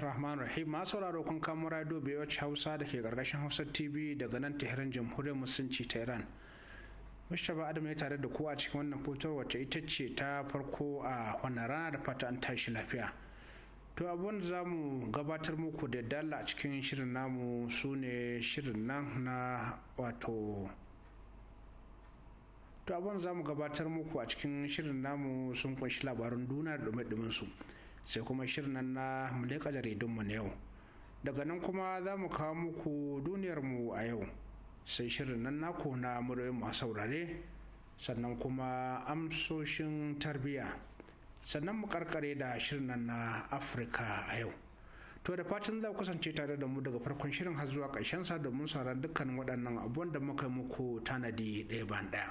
bismillahir rahmanir rahim ma sauraro kun kamo radio bewatch hausa da ke karkashin hausa tv daga nan tehran jamhuriyar musulunci ta iran mustapha adam ya tare da kowa cikin wannan fotar wacce ita ce ta farko a wannan rana da fata an tashi lafiya to abin da za mu gabatar muku da dalla a cikin shirin namu su ne shirin nan na wato to abin za mu gabatar muku a cikin shirin namu sun kunshi labarin duna da dume su sai kuma shirin na jaridun mu na yau daga nan kuma za mu kawo muku duniyarmu a yau sai shirin nan naku na muryoyin masu saurare sannan kuma amsoshin tarbiyya sannan mu karkare da shirin nan na afirka a yau to da fatan za ku kasance tare da mu daga farkon shirin har zuwa karshen sa domin sauran dukkan waɗannan abubuwan da muka yi muku tanadi ɗaya ban ɗaya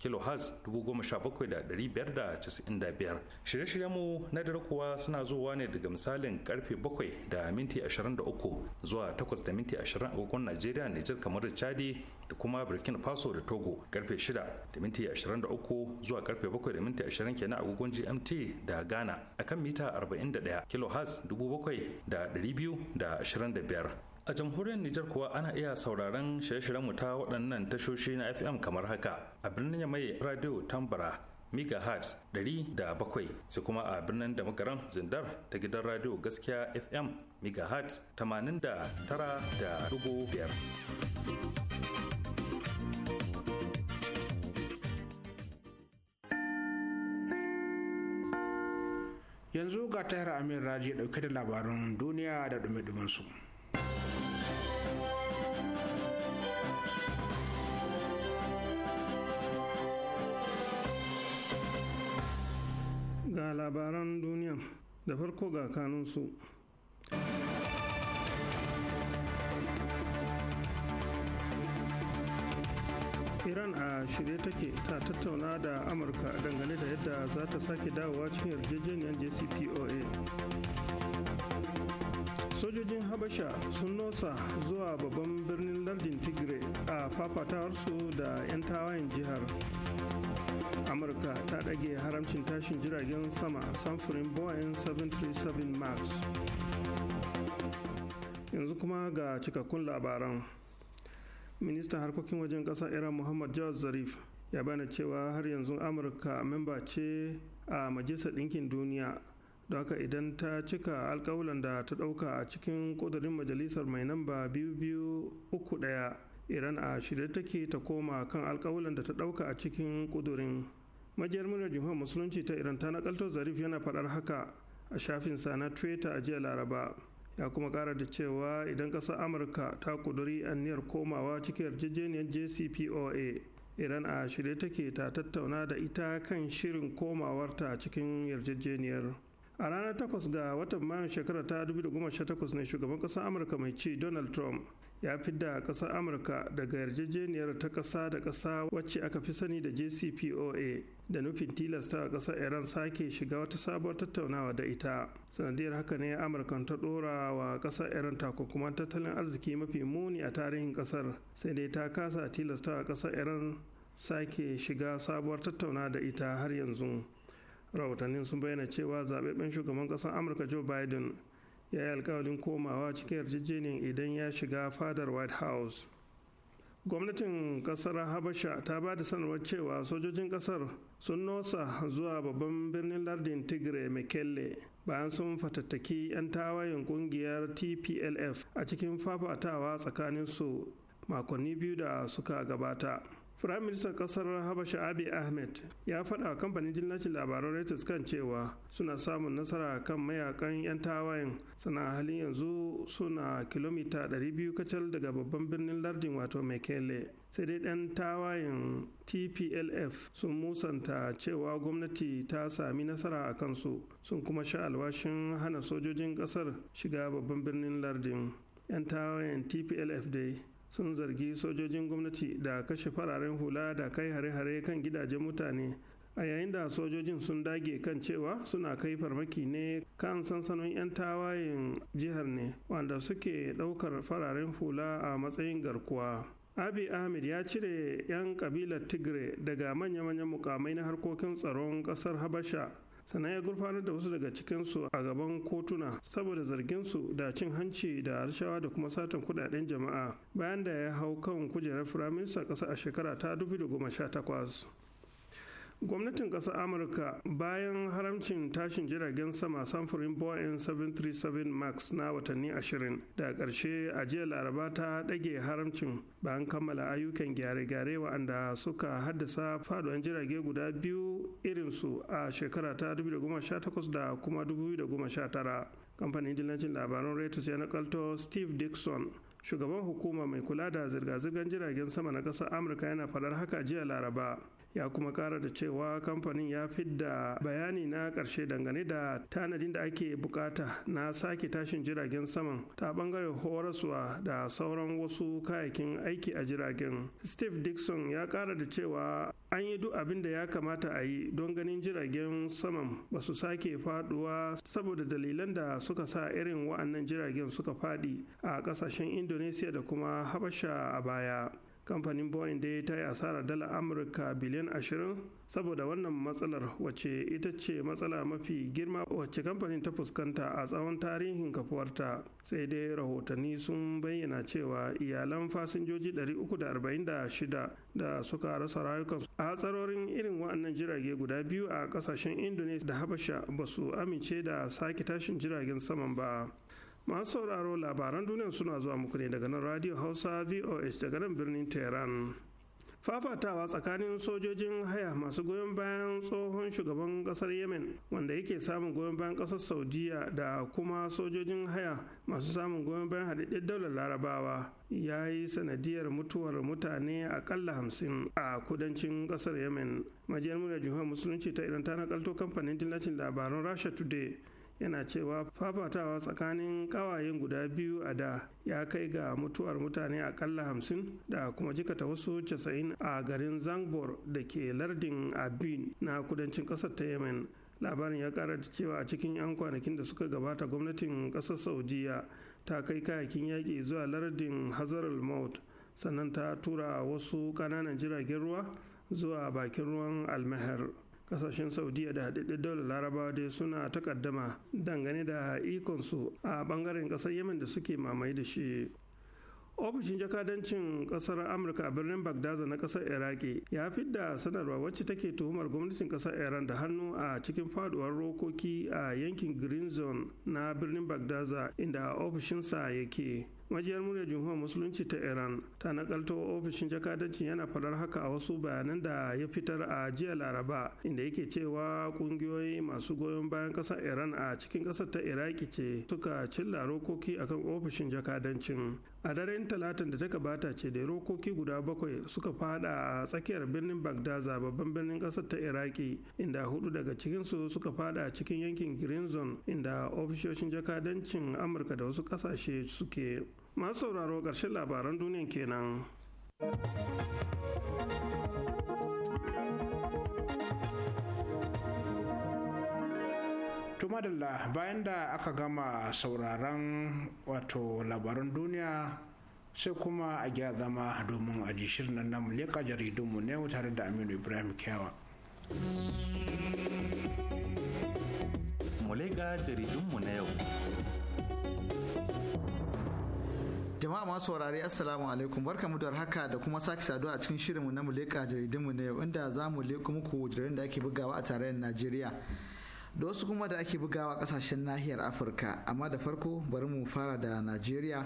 kilohertz biyar shirye-shiryen mu na dare kuwa suna zuwa ne daga misalin karfe 7 da minti 23 zuwa 8 da minti 20 agogon najeriya nijar kamar da chadi da kuma burkina faso da togo karfe shida da minti 23 zuwa karfe 7 da minti 20 kenan agogon gmt da ghana akan mita 41 kilohertz biyar. a jamhuriyar Nijar kuwa ana iya sauraron shirye-shiryen mu ta waɗannan tashoshi na FM kamar haka a birnin mai radio Tambara megahertz 107 sai kuma a birnin da magaran zindar ta gidan radio gaskiya fm megahertz 89.5 yanzu ga tahir amin raji dauke da labarin duniya da dume-dumensu. su A labaran duniya da farko ga kanunsu iran a shirye take ta tattauna da amurka dangane da yadda za ta sake dawowa cikin yarjejeniyar jcpoa sojojin habasha sun nosa zuwa babban birnin lardin tigray a fafatawarsu da 'yan tawayen jihar amurka ta ɗage haramcin tashin jiragen sama samfurin boeing 737 max yanzu kuma ga cikakkun labaran ministan harkokin wajen ƙasa iran muhammad jawad zarif ya bana cewa har yanzu amurka memba ce a majalisar ɗinkin duniya da haka idan ta cika alkawulan da ta ɗauka a cikin ƙudurin majalisar mai namba 2231 iran a shirye take ta koma kan alkawulan da ta ɗauka a cikin ƙudurin majiyar murar jihar musulunci ta iran ta nakalto zarif yana faɗar haka a shafinsa na twitter a jiya laraba ya kuma ƙara da cewa idan ƙasar amurka ta kuduri aniyar komawa cikin yarjejeniyar jcpoa iran a shirye take ta tattauna da ita kan shirin komawarta cikin yarjejeniyar a ranar 8 ga watan mayun shekara ta 2018 ne shugaban ƙasar amurka mai ci donald trump ya fidda ƙasar amurka daga yarjejeniyar ta ƙasa da ƙasa wacce aka fi sani da jcpoa da nufin tilasta a ƙasar iran sake shiga wata sabuwar tattaunawa da ita sanadiyar haka ne amurka ta ɗora wa ƙasar iran takunkuman tattalin arziki mafi muni a tarihin ƙasar sai dai ta kasa tilasta a ƙasar iran sake shiga sabuwar tattaunawa da ita har yanzu rahotannin sun bayyana cewa zaɓaɓɓen shugaban ƙasar amurka joe biden ya yi alkawalin komawa cikin yarjejeniyar idan ya shiga fadar white house gwamnatin kasar habasha ta ba da sanarwar cewa sojojin kasar sun nosa zuwa babban birnin lardin tigre mekelle bayan sun fatattaki 'yan tawayen kungiyar tplf a cikin fafatawa tsakaninsu makonni biyu da suka gabata firaministan ƙasar Habasha Abi Ahmed ya faɗa wa kamfanin jinnacin labaran Reuters kan cewa suna samun nasara kan mayakan 'yan tawayen sana halin yanzu suna kilomita 200 kacal daga babban birnin lardin wato Mekele. Sai dai ɗan tawayen TPLF sun musanta cewa gwamnati ta sami nasara a kansu sun kuma sha alwashin hana sojojin ƙasar shiga babban birnin lardin. 'Yan tawayen TPLF dai sun zargi sojojin gwamnati da kashe fararen hula da kai hare-hare kan gidajen mutane a yayin da sojojin sun dage kan cewa suna kai farmaki ne kan sansanin 'yan tawayen jihar ne wanda suke ɗaukar fararen hula a matsayin garkuwa abi ahmed ya cire 'yan kabilar tigre daga manya-manyan mukamai na harkokin tsaron ƙasar habasha sannan ya gurfanar da wasu daga cikinsu a gaban kotuna saboda zarginsu da cin hanci da harshawa da kuma satan kudaden jama'a bayan da ya hau kan kujerar firaminista ƙasa a shekara ta 2018 gwamnatin ƙasar amurka bayan haramcin tashin jiragen sama samfurin boeing 737 max na watanni 20 da ƙarshe a jiya laraba ta ɗage haramcin bayan kammala ayyukan gyare-gyare waɗanda suka haddasa faduwan jirage guda biyu irinsu a shekara ta 2018 da kuma 2019 kamfanin dillancin labaran reuters ya nakalto steve dixon shugaban hukuma mai kula da zirga-zirgar jiragen sama na ƙasar amurka yana faɗar haka jiya laraba ya kuma kara da cewa kamfanin ya fidda bayani na ƙarshe dangane da tanadin da ake bukata na sake tashin jiragen saman ta bangaren horaswa da sauran wasu kayakin aiki a jiragen steve dixon ya kara da cewa an yi duk abin da ya kamata a yi don ganin jiragen saman ba su sake faduwa saboda dalilan da suka sa irin wa'annan jiragen suka fadi a kasashen indonesia da kuma habasha a baya kamfanin boeing dai ta yi asarar dala amurka biliyan 20 saboda wannan matsalar wacce ita ce matsala mafi girma wacce kamfanin ta fuskanta a tsawon tarihin kafuwarta sai dai rahotanni sun bayyana cewa iyalan fasinjoji 346 da suka rasa rayukansu a hatsarorin irin waɗannan jirage guda biyu a ƙasashen indonesia da habasha ba su amince da sake tashin jiragen saman ba masu sauraro labaran duniya suna zuwa muku ne daga nan radio hausa voh daga nan birnin tehran fafatawa tsakanin sojojin haya masu goyon bayan tsohon shugaban kasar yemen wanda yake samun goyon bayan kasar saudiya da kuma sojojin haya masu samun goyon bayan haɗaɗɗen daular larabawa ya yi sanadiyar mutuwar mutane akalla hamsin a kudancin kasar yemen majiyar murya jihar musulunci ta idan ta nakalto kamfanin dillacin labaran rasha today yana cewa fafatawa tsakanin kawayen guda biyu a da ya kai ga mutuwar mutane akalla hamsin da kuma jikata wasu casa'in a garin zangbor da ke lardin abin na kudancin kasar ta yemen labarin ya kara da cewa a cikin 'yan kwanakin da suka gabata gwamnatin kasar saudiya ta kai kayakin yaƙi zuwa lardin hazar maut sannan ta tura wasu ƙananan jiragen ruwa zuwa bakin ruwan almahar. kasashen saudiya da haɗaɗɗen daular Laraba dai suna takaddama dangane da ikonsu a ɓangaren ƙasar yemen da suke mamaye da shi ofishin jakadancin kasar amurka a birnin bagdaza na kasar iraki ya fi da sanarwa wacce take tuhumar gwamnatin kasar iran da hannu a cikin faduwar rokoki a yankin green zone na birnin bagdaza inda ofishinsa yake majiyar muryar jamhuriyar musulunci ta iran ta nakalto ofishin jakadancin yana farar haka a wasu bayanan da ya fitar a jiya laraba inda yake cewa ƙungiyoyi masu goyon bayan ƙasar iran a cikin ƙasar ta iraki ce suka cilla rokoki akan ofishin jakadancin a daren talatin da ta gabata ce da rokoki guda bakwai suka fada a tsakiyar birnin bagdaza babban birnin ƙasar ta iraki inda hudu daga cikinsu suka fada a cikin yankin green zone inda ofishoshin jakadancin amurka da wasu ƙasashe suke masu sauraro ƙarshen labaran duniya kenan. madalla bayan da aka gama sauraron wato labaran duniya sai kuma a gya zama domin a ji shirin nan na leƙa jaridunmu ne tare da aminu ibrahim kyawa mu jaridunmu na yau jama'a masu saurare assalamu alaikum barka mu da haka da kuma sake saduwa a cikin shirinmu na muleka jaridunmu na yau inda za mu leko muku jaridun da ake bugawa a tarayyar najeriya da wasu kuma da ake bugawa kasashen nahiyar afirka amma da farko bari mu fara da najeriya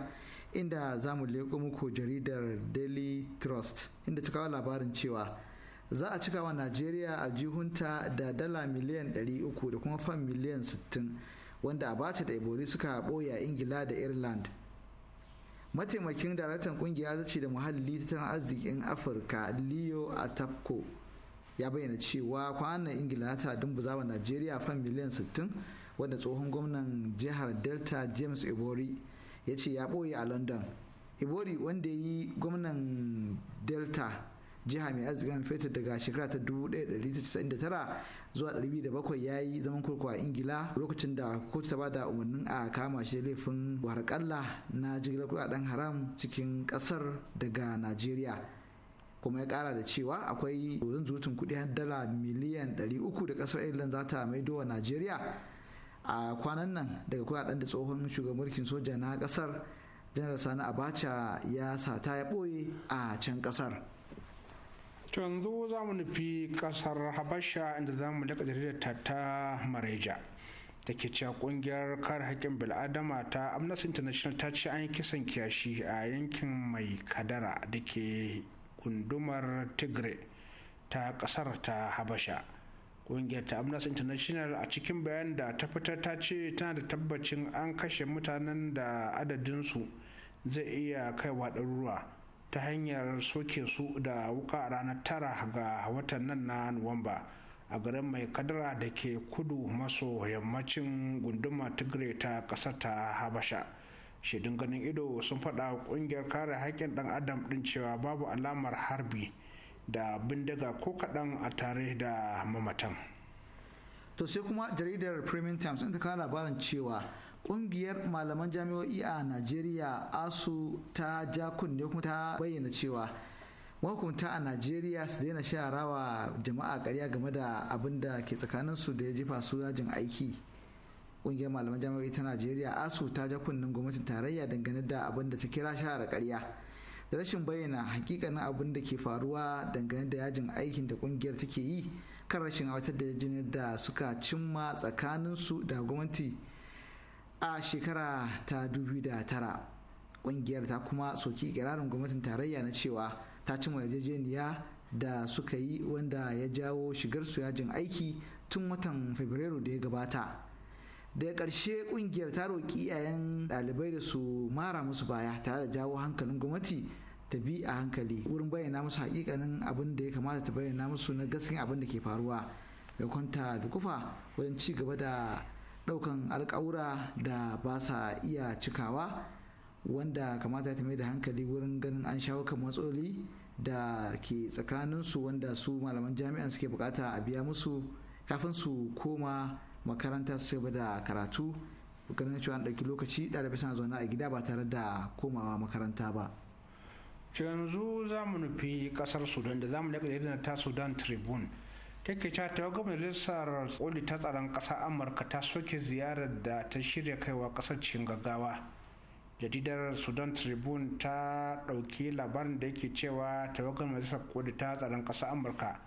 inda za mu leko muku jaridar daily trust inda ta kawo labarin cewa za a cikawa najeriya a jihunta da dala miliyan 300 da kuma fan miliyan 60 wanda a bata da ibori suka a ingila da ireland mataimakin daraktan ya zace da muhalli tattalin arzikin afirka leo atapko ya bayyana cewa kwanan ingila ta dumbuza wa najeriya fan miliyan 60 wanda tsohon gwamnan jihar delta james ibori ya ce ya ɓoye a london ibori wanda ya yi gwamnan delta jiha mai arzikin fetur daga shekara ta 1999 zuwa 2007 ya yi zaman kurkuku a ingila lokacin da kotu ta bada umarnin a kama shi laifin warkalla na jigilar kudaden haram cikin kasar daga nigeria kuma ya kara da cewa akwai dozin zutun kudi har dala miliyan 300 da kasar ireland za ta maido wa najeriya a kwanan nan daga kudaden da tsohon shugaban mulkin soja na kasar janar sani abacha ya sata ya ɓoye a can kasar to yanzu za mu nufi kasar habasha inda za mu daga jaridar ta mareja da ke cewa kungiyar kare haƙƙin bil'adama ta amnesty international ta ce an yi kisan kiyashi a yankin mai kadara da ke gundumar tigre ta ƙasar ta habasha kungiyar ta amnesty international a cikin bayan da ta fitar ta ce tana da tabbacin an kashe mutanen da adadinsu zai iya kaiwa ɗaruruwa ta hanyar soke su da wuka a ranar tara ga watan nan na nuwamba a garin mai kadara da ke kudu maso yammacin gunduma tigre ta kasar ta habasha shaidun ganin ido sun faɗa ƙungiyar kare haƙƙin ɗan adam ɗin cewa babu alamar harbi da bindiga ko kaɗan a tare da mamatan to sai kuma jaridar premium times ta kawo labarin cewa Ƙungiyar malaman jami'o'i a Najeriya ASU ta ja kunne kuma ta bayyana cewa mahukunta a Najeriya su daina sharawa jama'a ƙarya game da abin da ke tsakaninsu da ya jefa su yajin aiki. Ƙungiyar malaman jami'o'i ta Najeriya ASU ta ja kunnen gwamnatin tarayya dangane da abin da ta kira shahara ƙarya. Da rashin bayyana hakikanin abin da ke faruwa dangane da yajin aikin da kungiyar take yi kan rashin aiwatar da jinin da suka cimma tsakaninsu da gwamnati a shekara ta da tara, kungiyar ta kuma soki kirarin gwamnatin tarayya na cewa ta cimma yarjejeniya da suka yi wanda ya jawo shigar su yajin aiki tun watan fabrairu da ya gabata daga ƙarshe kungiyar ta roki iyayen ɗalibai da su mara musu baya tare da jawo hankalin gwamnati ta bi a hankali wurin bayyana musu hakikanin abin da ya kamata ta bayyana musu na gaskiya abin da ke faruwa da kwanta da kufa wajen ci gaba da daukan alƙawura da ba sa iya cikawa wanda kamata ta mai da hankali wurin ganin an shawo kan matsaloli da ke tsakaninsu wanda su malaman jami'an suke bukata a biya musu kafin su koma makaranta su ba da karatu ganin cewa an ɗauki lokaci ɗalibai suna zaune a gida ba tare da komawa makaranta ba yanzu za mu nufi ƙasar sudan da za mu daga ta sudan tribune take cewa tawagar majalisar oli ta tsaron ƙasa amurka ta soke ziyarar da ta shirya kaiwa ƙasar cikin gaggawa jaridar sudan tribune ta ɗauki labarin da yake cewa tawagar majalisar oli ta tsaron ƙasa amurka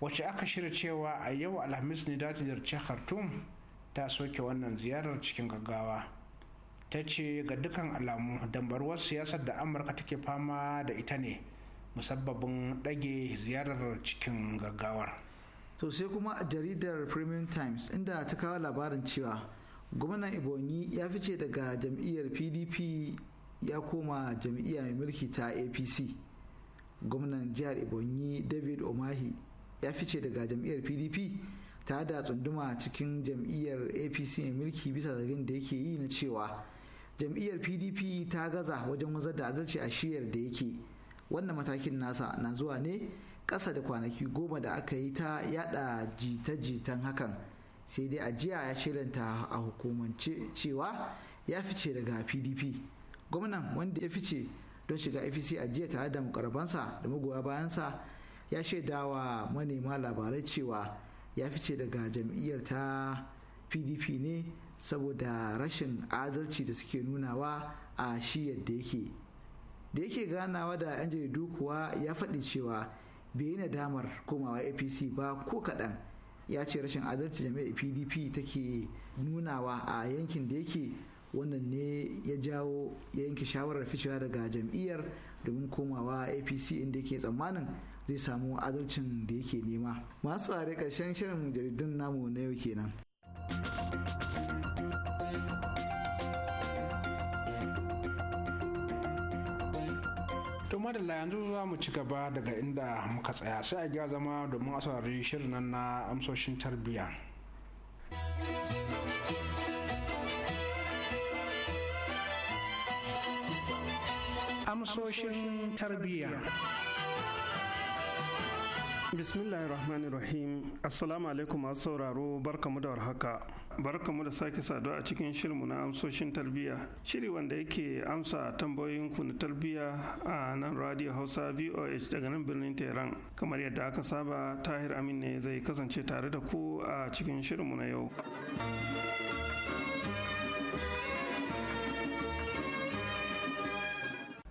wacce aka shirya cewa a yau alhamis ne dati ziyarci khartoum ta soke wannan ziyarar cikin gaggawa ta ce ga dukkan alamu dambaruwar siyasar da amurka take fama da ita ne musabbabin ɗage ziyarar cikin gaggawar to sai kuma jaridar premium times inda ta kawo labarin cewa gwamnan ibonyi ya fice daga jam'iyyar pdp ya koma jam'iyya mai mulki ta apc gwamnan jihar ibonyi david omahi ya fice daga jam'iyyar pdp ta da tsunduma cikin jam'iyyar apc mai mulki bisa zargin da yake yi na cewa jam'iyyar pdp ta gaza wajen wanzar da adalci a shiyar da yake wannan matakin nasa na zuwa ne kasa da kwanaki goma da aka yi ta yada jita-jitan hakan sai dai ajiya ya shirinta a hukumance cewa ya fice daga pdp gwamnan wanda ya fice don shiga apc ajiya tare da mukarbansa da magoya bayansa ya shaidawa manema labarai cewa ya fice daga jam'iyyar ta pdp ne saboda rashin adalci da suke nunawa a shi yadda yake da yake ganawa da yan jaridu kuwa ya faɗi cewa bai yi nadamar komawa apc ba ko kaɗan ya ce rashin adalci jami'ar pdp take nunawa a yankin da yake wannan ne ya jawo ya yanke shawarar ficewa daga jam'iyyar domin komawa apc inda yake tsammanin zai samu adalcin da yake nema masu tsare ƙarshen shirin jaridun namu na yau kenan. Kuma da yanzu za mu ci gaba daga inda muka tsaya sai a gya zama domin a shirin nan na amsoshin tarbiyya. Amsoshin tarbiyya. Bismillahirrahmanirrahim. Assalamu alaikum masu sauraro barkamu da warhaka. barkamu da sake saduwa a cikin shirmu na amsoshin tarbiyya shiri wanda yake amsa tambayoyin ku na tarbiyya a nan radio hausa voh daga nan birnin tehran kamar yadda aka saba tahir amin ne zai kasance tare da ku a cikin shirmu na yau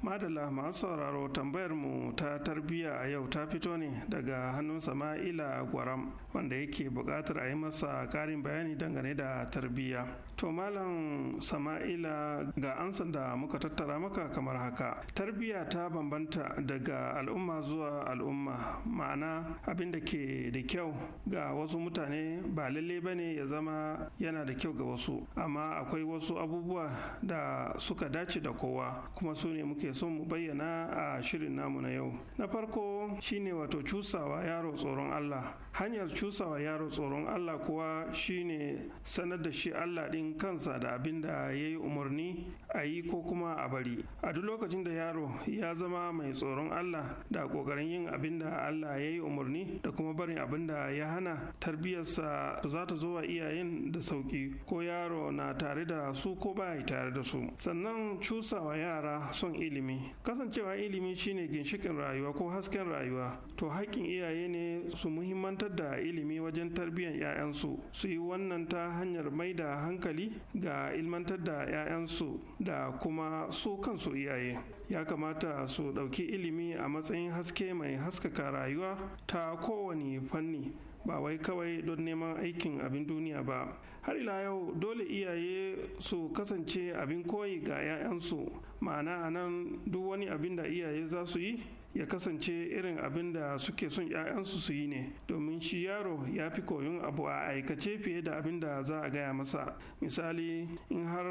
Madala masu sauraro tambayar mu ta tarbiyya a yau ta fito ne daga hannun sama'ila gwaram wanda yake buƙatar a yi masa ƙarin bayani dangane da tarbiyya to malam sama'ila ga ansan da muka tattara maka kamar haka tarbiyya ta bambanta daga al'umma zuwa al'umma ma'ana abin da ke da kyau ga wasu mutane ba lalle ba ne ya zama yana da kyau ga wasu amma akwai wasu abubuwa da suka dace da kowa kuma su ne muke muke son mu bayyana a shirin namu na yau na farko shine wato cusawa yaro tsoron allah hanyar cusawa yaro tsoron Allah kuwa shine sanar da shi Allah ɗin kansa da abin da ya yi umarni a yi ko kuma a bari a duk lokacin da yaro ya zama mai tsoron Allah da ƙoƙarin yin abin da Allah ya yi umarni da kuma barin abin da ya hana tarbiyyarsa za ta zo wa iyayen da sauƙi ko yaro na tare da su ko ba ya tare da su sannan cusawa yara son ilimi kasancewa ilimi shine ginshikin rayuwa ko hasken rayuwa to haƙƙin iyaye ne su muhimmanta ilmantar da ilimi wajen tarbiyyar 'ya'yansu su yi wannan ta hanyar mai da hankali ga ilmantar da 'ya'yansu da kuma su kansu iyaye ya kamata su ɗauki ilimi a matsayin haske mai haskaka rayuwa ta kowane fanni ba wai kawai don neman aikin abin duniya ba har ila yau dole iyaye su kasance abin koyi ga 'ya'yansu ma'ana a nan duk wani abin da iyaye za su yi ya kasance irin abin da suke son 'ya'yansu su yi ne domin shi yaro ya fi koyon abu a aikace fiye da abin da za a gaya masa misali in har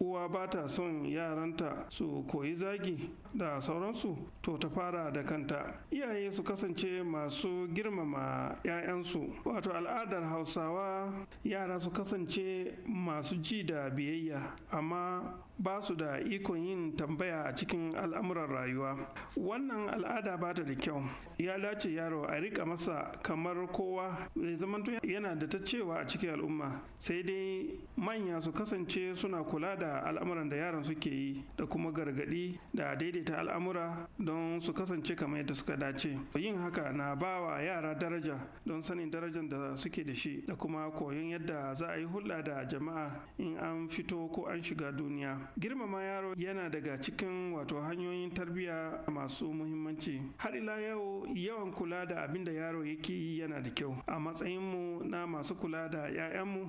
uwa ba ta son yaranta su koyi zagi da sauransu to ta fara da kanta iyaye su kasance masu girmama 'ya'yansu wato al'adar hausawa yara su kasance masu ji da biyayya amma ba su da ikon yin tambaya a cikin al'amuran rayuwa wannan al'ada ba ta da kyau ya dace yaro a rika masa kamar kowa zai zamanto yana da ta cewa a cikin al'umma sai dai manya su kasance suna kula da al'amuran da yaran suke yi da kuma gargadi da daidai daidaita al'amura don su kasance kamar yadda suka dace yin haka na bawa yara daraja don sanin darajar da suke da shi da kuma koyon yadda za a yi hulɗa da jama'a in an fito ko an shiga duniya girmama yaro yana daga cikin wato hanyoyin tarbiyya masu muhimmanci har ila yau yawan kula da abin da yaro yake yi yana da kyau a matsayinmu na masu kula da 'ya'yanmu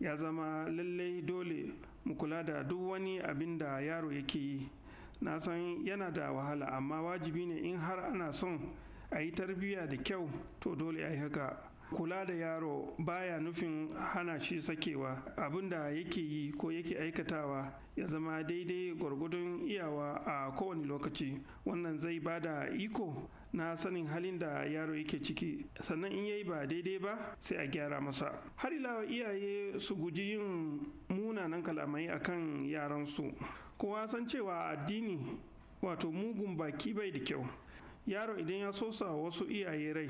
ya zama lallai dole mu kula da duk wani abin da yaro yake yi na san yana da wahala amma wajibi ne in har ana son a yi tarbiyya da kyau to dole a yi haka kula da yaro baya nufin hana shi sakewa abin da yake yi ko yake aikatawa ya zama daidai gwargwadon iyawa a kowane lokaci wannan zai bada iko na sanin halin da yaro yake ciki sannan in yayi ba daidai ba sai a gyara masa har ila iyaye su guji yin munanan kalamai akan yaransu kowa san cewa addini wato mugun baki bai da kyau yaro idan ya sosa wasu iyaye rai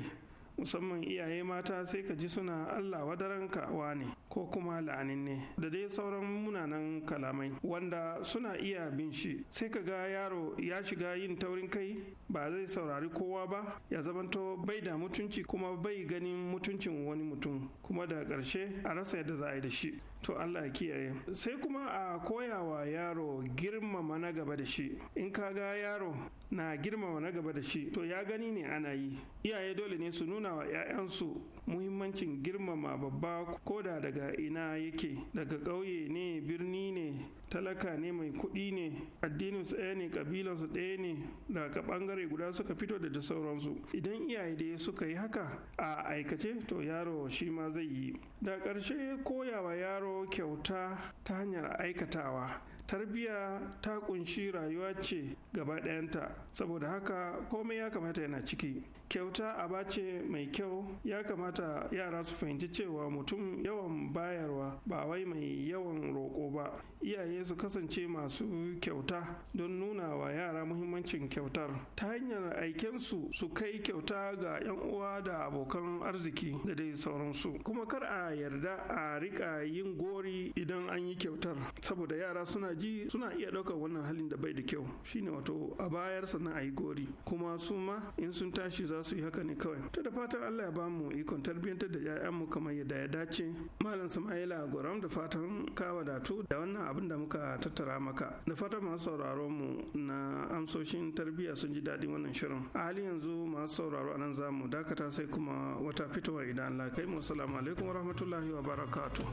musamman iyaye mata sai ka ji suna Allah wadaranka ne ko kuma la'anin ne da dai sauran munanan kalamai wanda suna iya bin shi sai ka ga yaro ya shiga yin taurin kai ba zai saurari kowa ba ya zamanto bai da mutunci kuma bai ganin mutuncin wani mutum kuma da ƙarshe a rasa yadda za a yi da shi To Allah ya kiyaye. Sai kuma a koyawa yaro girmama na gaba da shi. In ka ga yaro na girmama na gaba da shi, to ya gani ne ana yi. Iyaye dole ne su nuna wa 'ya'yansu muhimmancin girmama babba ko da daga ina yake, daga ƙauye ne, birni ne, talaka ne mai kuɗi ne addinin su ɗaya ne kabilan su ɗaya ne daga ɓangare guda suka fito da da sauransu idan iyaye da suka yi haka a aikace to yaro shi ma zai yi da ƙarshe koyawa yaro yaro kyauta ta hanyar aikatawa tarbiyya ta kunshi rayuwa ce gaba ɗayanta saboda haka komai ya kamata yana ciki kyauta a bace mai kyau ya kamata yara su fahimci cewa mutum yawan bayarwa ba wai mai yawan roƙo ba iyaye su kasance masu kyauta don nuna wa yara muhimmancin kyautar ta hanyar aikensu su kai kyauta ga 'yan uwa da abokan arziki da dai sauransu kuma kar a yarda a rika yin gori idan an yi kyautar saboda yara suna ji suna iya ɗaukar wannan halin da bai da kyau shine wato a bayar sannan a yi gori kuma su ma in sun tashi za za su yi haka ne kawai to da fatan Allah ya bamu ikon tarbiyyantar da 'ya'yanmu kamar yadda ya dace malam Sama'ila Goram da fatan ka wadatu da wannan abin da muka tattara maka da fatan masu sauraron mu na amsoshin tarbiyya sun ji daɗin wannan shirin a halin yanzu masu sauraro anan za mu dakata sai kuma wata fitowa idan Allah kai mu assalamu alaikum wa wabarakatuh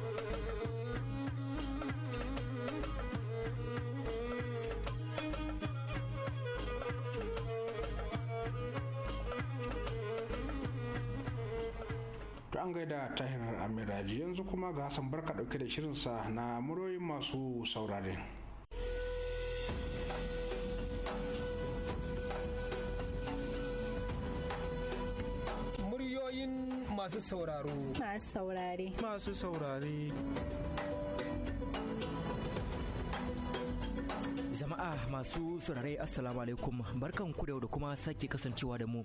an gaida tahir amiraji yanzu kuma ga hassan barka dauke da shirinsa na muroyin masu saurare muryoyin masu sauraro masu saurare masu saurare Jama'a masu saurare Assalamu alaikum barkan ku da yau da kuma sake kasancewa da mu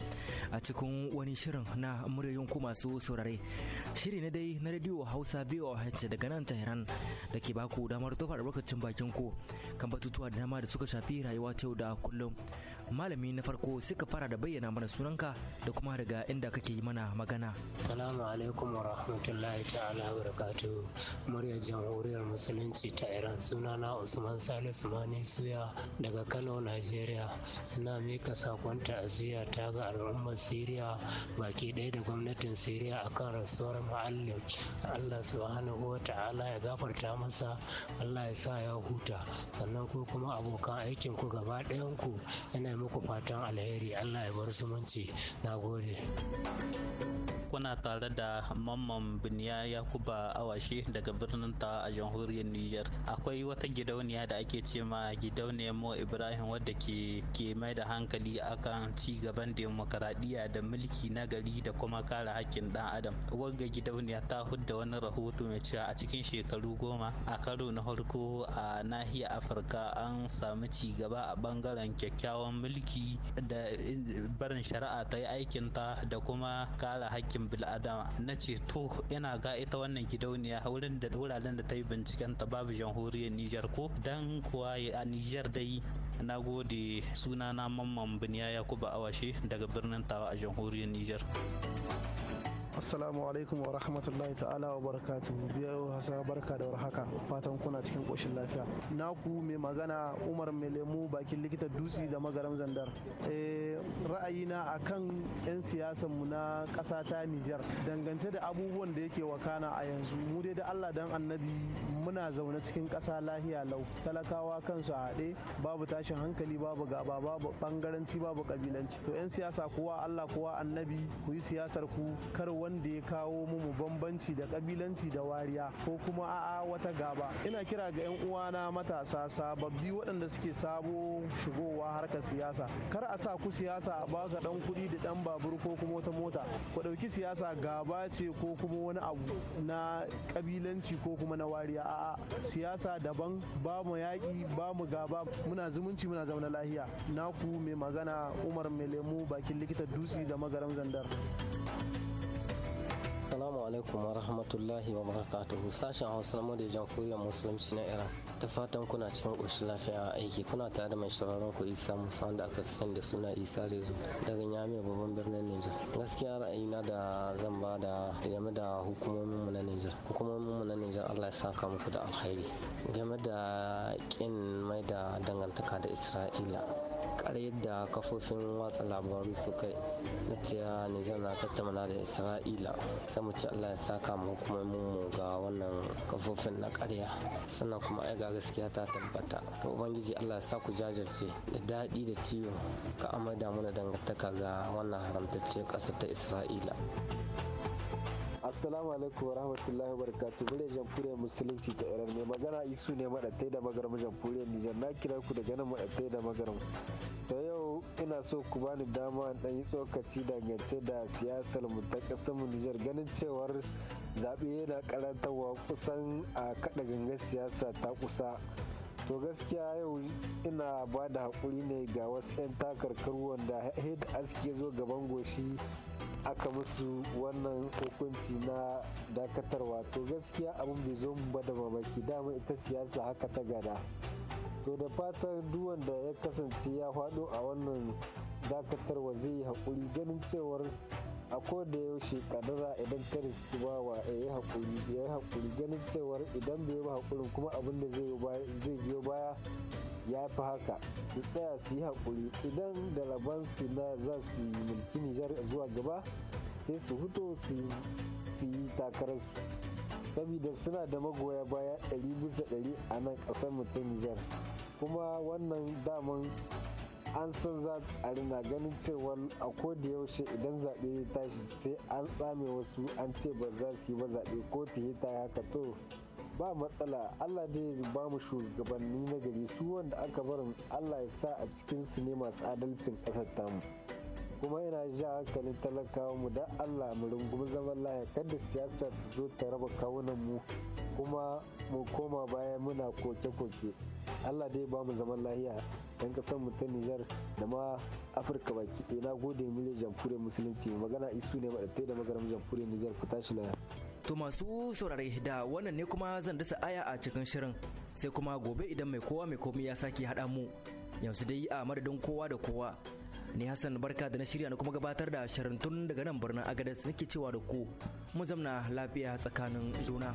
a cikin wani shirin na muryoyin ku masu saurare. Shiri na dai na radio Hausa biyu a daga nan Tehran da ke baku damar tofa albarkacin bakin ku kan batutuwa da dama da suka shafi rayuwa ta yau da kullum. malami na farko suka fara da bayyana mana sunanka da kuma daga inda kake yi mana magana salamu alaikum wa rahmatullahi ta'ala rakatu murya jamhuriyar musulunci ta iran sunana usman salisu mani suya daga kano nigeria ina mika sakon ta'aziyya ta ga al'ummar siriya baki ɗaya da gwamnatin siriya kan rasuwar muallim allah subhanahu wa ta'ala ya gafarta masa allah ya sa ya huta sannan ko kuma abokan aikin ku gaba ɗayan ku ina muku fatan alheri allah ya bar zumunci na gode kuna tare da mamman biniya yakuba awashe daga birnin ta a jamhuriyar niger akwai wata gidauniya da ake ce ma gidauniyar mo ibrahim wadda ke ke mai da hankali akan ci gaban demokaradiyya da mulki na gari da kuma kare hakkin dan adam wadda gidauniya ta hudda wani rahoto mai cewa a cikin shekaru goma a karo na harko a nahiyar afirka an samu ci gaba a bangaren kyakkyawan mulki mulki da eh, barin shari'a ta yi aikinta da kuma kare hakkin bil'adama na ce to yana ga ita wannan gidauniya wurin da wuraren da ta yi binciken ta babu jamhuriyar Nijar ko dan kuwa a Nijar dai na gode suna na mamman biniya yakubu awashe daga birnin tawa a jamhuriyar Nijar. Assalamu alaikum wa rahmatullahi ta'ala wa barakatu biyu hasa barka da warhaka fatan kuna cikin koshin lafiya. Naku mai magana Umar mai lemu bakin likita dutse da magaram zandar eh, ra'ayina a kan 'yan siyasanmu na ƙasa ta nijar dangance da abubuwan da yake wakana a yanzu mu dai da allah dan annabi muna zaune cikin ƙasa lahiya lau talakawa kansu a haɗe babu tashin hankali babu gaba babu bangaranci babu ƙabilanci to 'yan siyasa kowa allah kowa annabi ku yi siyasar ku kar wanda ya kawo mu bambanci da ƙabilanci da wariya ko kuma a'a wata gaba ina kira ga 'yan uwana matasa sababbi waɗanda suke sabo shigowa harkar siyasa siyasa kar a sa ku siyasa a baka dan kuɗi da dan babur ko kuma wata mota ku ɗauki siyasa gaba ce ko kuma wani abu na kabilanci ko kuma na wariya a'a siyasa daban ba mu yaƙi ba mu gaba muna zumunci muna zauna lahiya naku mai magana umar mai lemu bakin likita dutse da magaram zandar Assalamu alaikum wa rahmatullahi wa barakatuhu sashen Hausa na da jamhuriyar musulunci na Iran. Ta fatan kuna cikin ƙoshin lafiya a aiki kuna tare da mai sauraron ku Isa Musa wanda aka sani da suna Isa Rezo daga Nyame babban birnin Nijar. Gaskiya ra'ayina da zan ba da game da hukumomin mu na Nijar. Hukumomin mu na Nijar Allah ya saka muku da alkhairi. Game da kin mai da dangantaka da Isra'ila. Ƙaryar da kafofin watsa labaru suka yi na cewa Nijar na tattauna da Isra'ila. mu ci allah ya saka mu kuma mu ga wannan kafofin na karya sannan kuma ai ga gaskiya ta tabbata to ubangiji allah ya sa ku jajirce da daɗi da ciwo ka da mana dangantaka ga wannan haramtacce ƙasa ta isra'ila Assalamu alaikum wa rahmatullahi wa barakatuh. Mure musulunci ta Iran ne magana isu ne madatai da magaram jamhuriyar Nijar na kira ku daga nan madatai da magaram. ina so ku bani dama dan yi tsokaci dangance da siyasar mu ta kasar mu Nijar ganin cewar zaɓe yana karantarwa kusan a kaɗa gangar siyasa ta kusa to gaskiya yau ina ba da haƙuri ne ga wasu 'yan takarkar wanda da aske zo gaban goshi aka musu wannan hukunci na dakatarwa to gaskiya abin bai zo mu ba da mamaki dama ita siyasa haka ta gada to da fatan duwan da ya kasance ya faɗo a wannan dakatarwa zai yi haƙuri ganin cewar a da yaushe kadara idan su riski wa ya yi haƙuri ya yi haƙuri ganin cewar idan bai yi haƙurin kuma abin da zai biyo baya ya fi haka su tsaya su yi haƙuri idan da su na za su yi mulki nijar zuwa gaba sai su fito su yi takararsu saboda suna da magoya baya ɗari da ɗari a nan kasar mutum ta kuma wannan daman an san za a rina ganin cewa a ko da yaushe idan zaɓe ya tashi sai an tsame wasu an ce ba za su yi ba zaɓe ko ta yi ta haka to ba matsala Allah dai ba mu shugabanni na gari su wanda aka barin Allah ya sa a cikin su ne masu adalcin ƙasar tamu. kuma ina ji hankalin talakawa mu da allah mu rungumi zaman lahiya kada siyasa ta zo ta raba kawunan mu kuma mu koma baya muna koke-koke allah dai ba mu zaman lahiya dan kasar mu ta nijar da ma afirka baki ɗaya na gode miliyan jamhuriyar musulunci magana isu ne ta da magaram jamhuriyar nijar ku tashi lahiya To masu saurare da wannan ne kuma zan dasa aya a cikin shirin sai kuma gobe idan mai kowa mai komai ya sake haɗa mu yanzu dai a madadin kowa da kowa ni Hassan barka da na shirya na kuma gabatar da shirin tun daga nan birnin Agadez nake cewa da ku mu zamna lafiya tsakanin juna.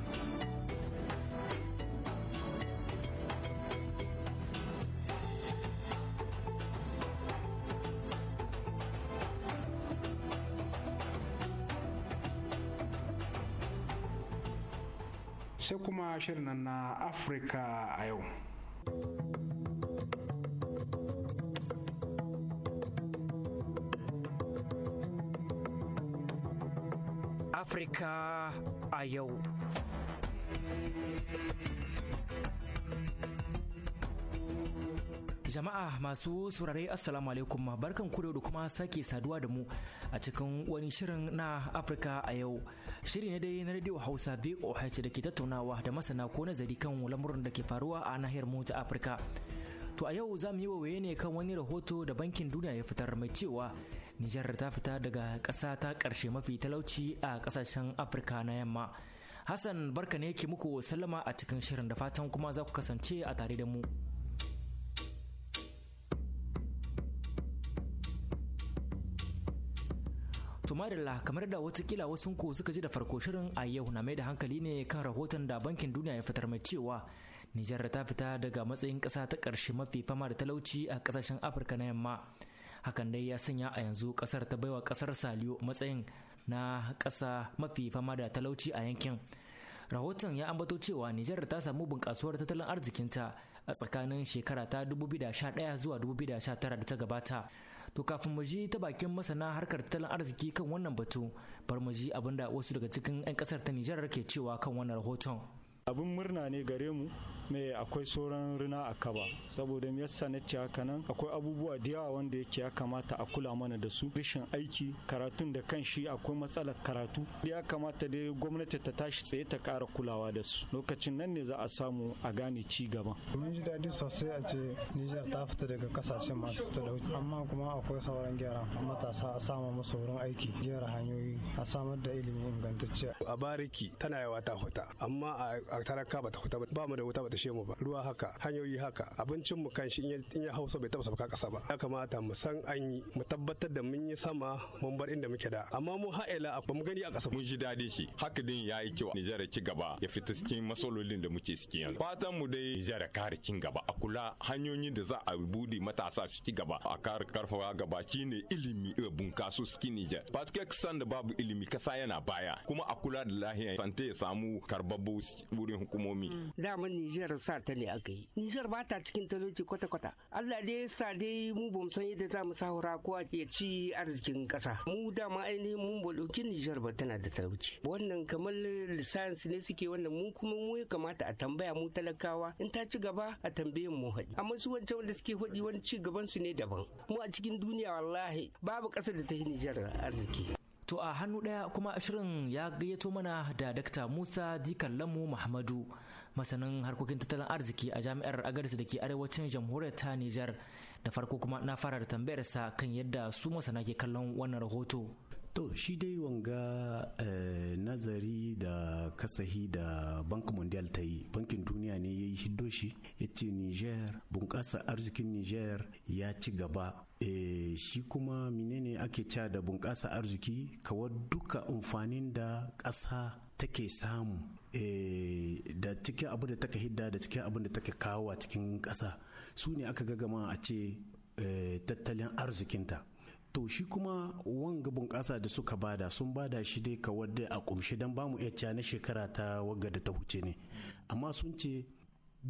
sai kuma shirin na Afirka a yau. Afirka a yau. Jama'a masu saurare Assalamu alaikum barkan ku da kuma sake saduwa da mu a cikin wani shirin na Afirka a yau. Shiri ne dai na Radio Hausa VOH da ke tattaunawa da masana ko nazari kan lamurin da ke faruwa a nahiyar mu ta Afirka. To a yau za mu yi wa ne kan wani rahoto da Bankin Duniya ya fitar mai cewa Nijar ta fita daga ƙasa ta ƙarshe mafi talauci a ƙasashen Afirka na yamma. Hassan barka ne ke muku sallama a cikin shirin da fatan kuma za ku kasance a tare da mu. tumarila kamar da watakila wasu ku suka ji da farko shirin a yau na mai da hankali ne kan rahoton da bankin duniya ya fitar mai cewa Nijar ta fita daga matsayin ƙasa ta ƙarshe mafi fama da talauci a ƙasashen Afirka na yamma. hakan dai ya sanya a yanzu kasar ta baiwa kasar saliyo matsayin na ƙasa mafi fama da talauci a yankin rahoton ya ambato cewa nijar ta samu bunƙasuwar tattalin arzikinta a tsakanin shekara ta 2011 zuwa 2019 da ta gabata to kafin mu ji ta bakin masana harkar tattalin arziki kan wannan batu bar mu ji abinda wasu daga cikin 'yan kasar ta nijar ke cewa kan wannan rahoton abin murna ne gare mu me akwai sauran rina a kaba saboda me yasa na ce haka nan akwai abubuwa da yawa wanda yake ya kamata a kula mana da su rashin aiki karatun da kan shi akwai matsalar karatu ya kamata dai gwamnati ta tashi tsaye ta kara kulawa da su lokacin nan ne za a samu a gane ci gaba mun ji dadi sosai a ce Nijar ta fita daga kasashen masu talauci amma kuma akwai sauran gyara matasa a samu musu wurin aiki gyara hanyoyi a samar da ilimi ingantacce a bariki tana yawa ta huta amma a taraka ba ta huta ba mu da wuta ba ishe mu ba ruwa haka hanyoyi haka abincin mu kan shi in ya hausa bai taba sabka kasa ba ya kamata mu san an yi mu tabbatar da mun yi sama mun bar inda muke da amma mu ha'ila ba mu gani a kasa mun ji dadi shi haka din ya yi kyau Nijar ci gaba ya fita cikin masololin da muke ciki yanzu fatan mu dai Nijar kare cin gaba a kula hanyoyin da za a bude matasa su ci gaba a kar karfawa gaba ne ilimi da bunkasu cikin Nijar paske kasan da babu ilimi kasa yana baya kuma a kula da lahiya sante ya samu karbabbo wurin hukumomi da mun Nijar hanyar sa ta ne aka yi nijar ba ta cikin talauci kwata-kwata allah dai sa dai mu bamu san yadda za mu sahura ko ya ci arzikin ƙasa mu dama ainihin mun ɗauki nijar ba tana da talauci wannan kamar lissansi ne suke wannan mu kuma mu ya kamata a tambaya mu talakawa in ta ci gaba a tambayin mu haɗi amma su wancan wanda suke haɗi wani ci gaban su ne daban mu a cikin duniya wallahi babu ƙasar da ta yi nijar arziki To a hannu ɗaya kuma shirin ya gayyato mana da Dr. Musa Dikallamu Muhammadu masanin harkokin tattalin arziki a jami'ar agadis da ke arewacin jamhuriyar ta Nijar da farko kuma na fara da sa kan yadda su masana ke kallon wannan rahoto. To shi dai wanga eh, nazari da kasahi da Bank Mondial ta yi, Bankin Duniya ne ya yi hiddo shi, ya ce Niger, bunƙasa arzikin Niger ya ci gaba. E, shi kuma menene ake ca da bunƙasa arziki kawar duka amfanin da ƙasa take samu eh, da cikin abin da take hidda da cikin abin da take kawo a cikin ƙasa su ne aka gagama a ce eh, tattalin arzikinta to shi kuma wanga bunƙasa da suka bada sun bada shi dai ka wadda a ƙunshi don ba mu iya na shekara ta wagga da ta huce ne amma sun ce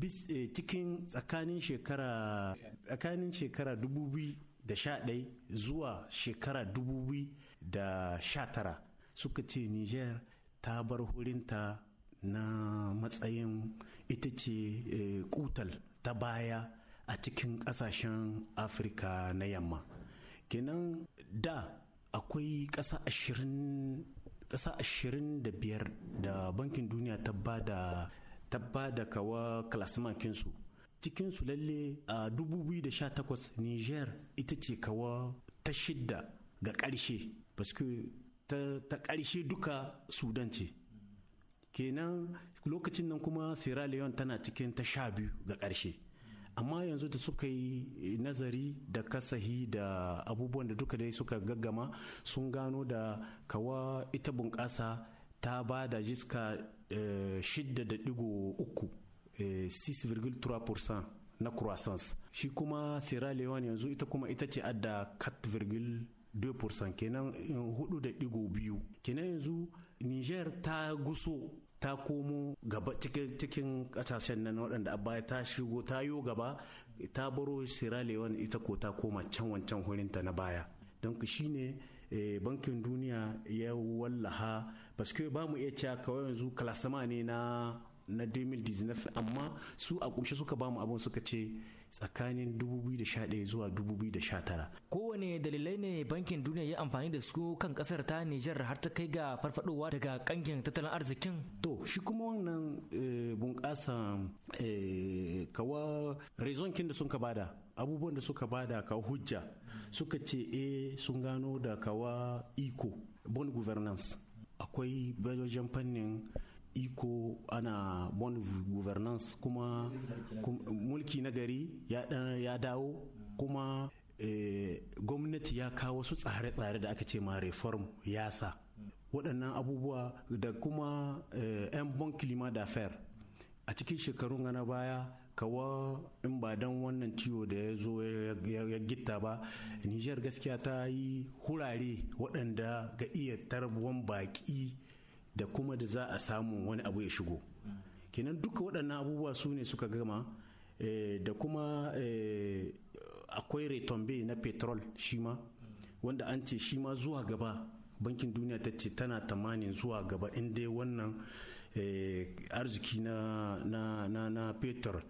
eh, cikin tsakanin shekara tsakanin shekara da sha ɗai zuwa shekara dubu da sha tara suka ce niger ta bar hurinta na matsayin ita ce eh, kutal ta baya a cikin ƙasashen afirka na yamma kenan da akwai ƙasa ashirin da biyar da bankin duniya ta ba da kawa kinsu cikinsu lalle a 2018 niger ita ce kawa ta shidda ga ƙarshe basu ta ƙarshe duka sudan ce kenan lokacin nan kuma sierra leone tana cikin ta sha biyu ga ƙarshe amma yanzu da suka yi nazari da kasahi da abubuwan da duka dai suka gaggama sun gano da kawa ita bunƙasa ta ba da jiska uh, 6.3 6,3% na croissance shi kuma sierra leone yanzu ita kuma ita ce adda 4 2% kenan hudu da digo biyu kenan yanzu niger ta guso ta komo gaba cikin kasashen nan waɗanda a baya ta shigo ta yo gaba ta baro sierra leone ita ko ta koma can wancan hurinta na baya don shi ne eh, bankin duniya ya wallaha baske ba mu iya cewa kawai yanzu kalasama ne na na 2019 amma su a kumshe suka bamu abin suka ce tsakanin 2011 zuwa 2019 kowane dalilai ne bankin duniya ya amfani da su kan kasar ta Nijar har ta kai ga farfadowa daga kangin tattalin arzikin to shi kuma wannan eh, bunƙasa eh, kawa rezonkin da sun ka bada abubuwan da suka bada kawo hujja suka ce e sun gano da kawa iko bon governance akwai bajojen fannin iko ana bon governance kuma mulki na gari ya dawo kuma eh, gwamnati ya kawo wasu tsare-tsare da aka ce ma reform yasa waɗannan abubuwa da kuma 'yan eh, bon climat d'affaires a cikin shekarun gana baya kawo in ba dan wannan ciwo da ya zo ya gitta ba niger gaskiya ta yi hurare waɗanda ga iya tarbuwan baƙi da kuma da za a samu wani abu ya shigo kenan duka waɗannan abubuwa su ne suka gama eh, da kuma eh, akwai retombe na petrol shi ma wanda an ce shi ma zuwa gaba bankin duniya ta ce tana tamanin zuwa gaba inda wannan eh, arziki na na petrol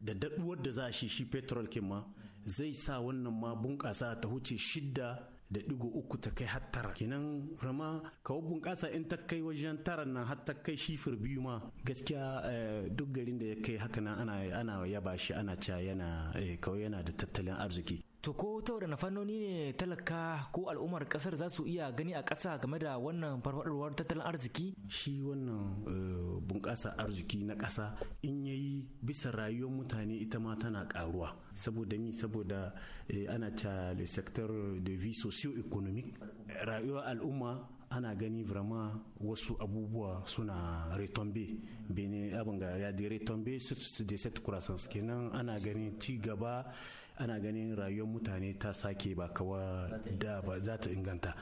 da daɗuwar da za shi shi petrol kima zai sa wannan ma bunƙasa ta huce shidda da digo uku ta kai har tara kenan rama kawo bunƙasa in ta kai wajen tara nan har ta kai shifir biyu ma gaskiya eh, duk garin da ya kai haka nan ana ana yaba shi ana cewa yana eh, kawai yana da tattalin arziki To ko ta fannoni ne talaka ko al'ummar ƙasar za su iya gani a ƙasa game da wannan farfadarwar tattalin arziki? Shi wannan eh, bunƙasa arziki na ƙasa in yayi bisa rayuwar mutane ita ma tana ƙaruwa. Saboda mi saboda eh, ana ca le secteur de vie socio-économique rayuwar al'umma ana gani vraiment wasu abubuwa suna retombe bene abin ga ya de retombe de cette croissance kenan ana gani ci gaba ana ganin rayuwar mutane ta sake ba kawa da ba za ta inganta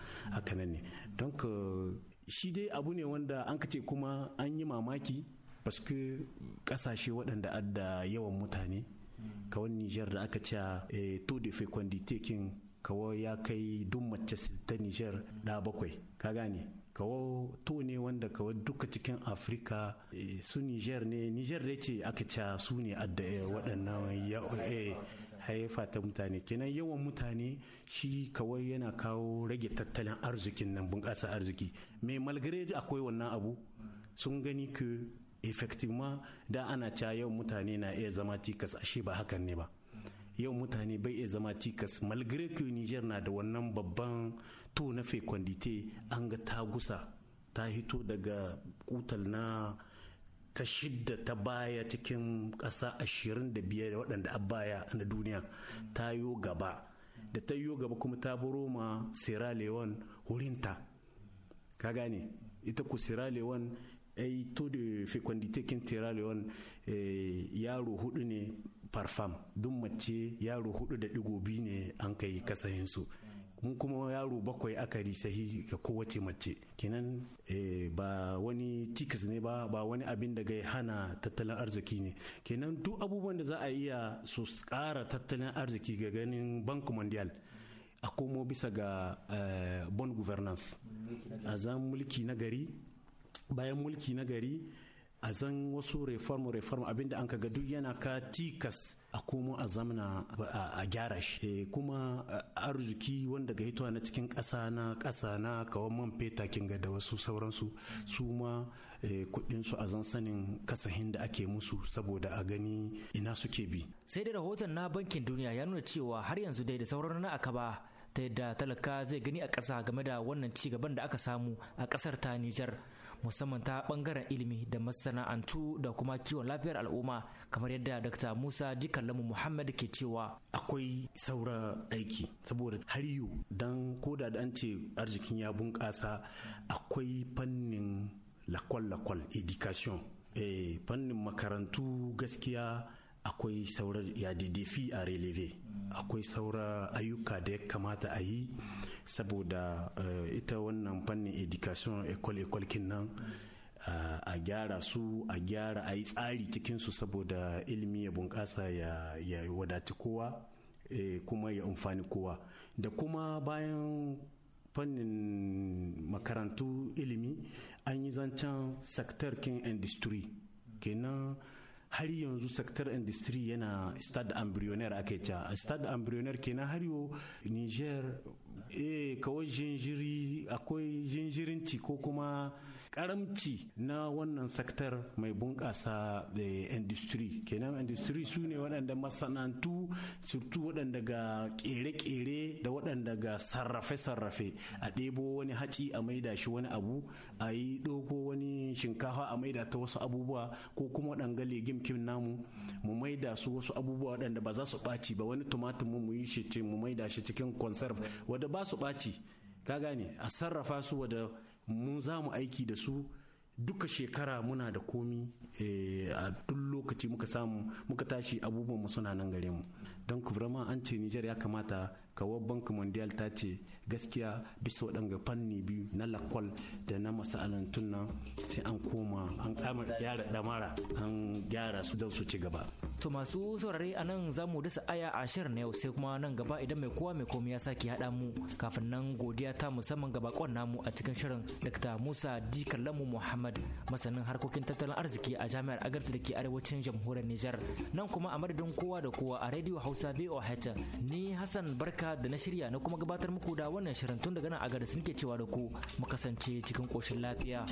nan ne don shi dai abu ne wanda an kace kuma an yi mamaki basu kasashe waɗanda adda yawan mutane kawai nijar da aka ce eh, to da fecundity kin kawai ya kai duk mace ta nijar da bakwai ka gane kawo to ne wanda kawo duka cikin afirka eh, su niger ne niger da ce aka ca su ne adda eh, waɗannan haifa ta mutane kenan yawan mutane shi kawai yana kawo rage tattalin arzikin nan bunƙasa arziki mai malgare akwai wannan abu sun gani ke ma da ana ca yawan mutane na iya zama tikas ashe ba hakan ne ba yau mutane bai iya zama tikas malgare ke niger na da wannan babban to na fekondite an ga ta gusa ta hito daga kutal na ta shidda ta baya cikin ƙasa ashirin da biyar waɗanda a baya na duniya ta yo gaba da ta yi gaba kuma ta buro ma sierra leone wurinta ka gane ita ku sierra leone ai to da fecondité kin sierra leone eh, yaro hudu ne parfum duk mace yaro hudu da digobi ne an kai kasahinsu mun kuma yaro bakwai aka risahi ga kowace mace kenan eh, ba wani tiks ne ba ba wani abin da gai hana tattalin arziki ne kenan duk abubuwan da za a iya su kara tattalin arziki ga ganin bank mondial a komo bisa ga eh, bon governance a zan mulki na bayan mulki nagari. a zan wasu reform reform abinda an kaga duk yana ka tikas a komo a zamana a gyara shi eh, kuma arziki wanda ga hitowa na cikin ƙasa na ƙasa na kawan man feta kinga da wasu sauransu su ma eh, su a zan sanin kasahin da ake musu saboda a gani ina suke bi sai da rahoton na bankin duniya ya nuna cewa har yanzu dai da sauran na akaba ta yadda talaka zai gani a ƙasa game da wannan ci gaban da aka samu a ƙasar ta Nijar. musamman ta bangaren ilimi da masana'antu da kuma kiwon lafiyar al'umma kamar yadda Dr. Musa Jikallamu Muhammad ke cewa akwai saura aiki saboda har yau don koda da an ce arzikin ya bunƙasa akwai fannin lakwal-lakwal education e fannin makarantu gaskiya akwai saurar ya a releve akwai saura ayyuka da ya kamata a yi saboda eh, ita wannan fannin education école école kinnan eh, a gyara su a gyara a yi tsari cikinsu saboda ilimi ya bunƙasa ya wadaci kowa eh, kuma ya amfani kowa da kuma bayan fannin makarantu ilimi an yi zancen sektar kin industry kenan har yanzu sektar industry yana stade embryonnaire ake ca stade embryonnaire kenan har yau niger eh kawai jinjiri akwai jinjirinci ko kuma karamci na wannan sektar mai bunƙasa eh, industry kenan industry su ne waɗanda masana'antu surtu waɗanda ga kere-kere da waɗanda ga sarrafe-sarrafe a ɗebo wani haci a maida shi wani abu a yi ɗoko wani shinkafa a maida ta wasu abubuwa ko kuma waɗanga legim kim namu mu maida su wasu abubuwa waɗanda ba za su ɓaci ba wani tumatir mu yi shi mu maida shi cikin conserve wadda ba su ɓaci ka gane a sarrafa su wadda mun za mu aiki da su duka shekara muna da komi eh, a duk lokaci muka samu muka tashi abubuwan suna nan gare mu don vraiment an ce Nijar ya kamata kawar bank mondial ta ce gaskiya bisa waɗanga fanni biyu na lakwal da na masana'antun nan sai an koma an kama gyara damara an gyara su don su ci gaba To masu saurare a nan za mu dasa aya a shirin na yau sai kuma nan gaba idan mai kowa mai komai ya sake haɗa mu kafin nan godiya ta musamman ga bakon namu a cikin shirin Dr. Musa D. Kallamu Muhammad masanin harkokin tattalin arziki a Jami'ar Agarsu da ke arewacin jamhuriyar Nijar. Nan kuma a madadin kowa da kowa a Radio Hausa VOH ni Hassan Barka da na shirya na kuma gabatar muku da wannan shirin tun daga nan sun ke cewa da ku mu kasance cikin koshin lafiya.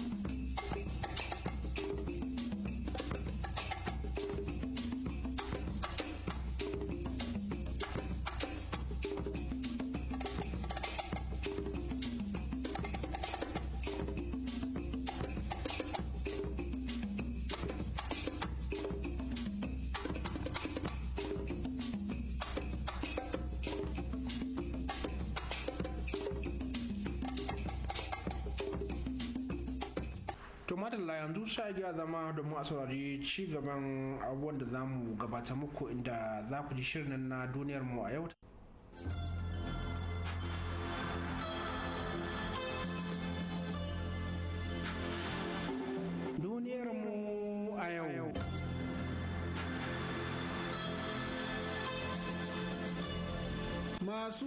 saurari ci gaban abubuwan da za mu gabata muku inda za ku ji shirin na duniyar mu a yau duniyar mu a yau masu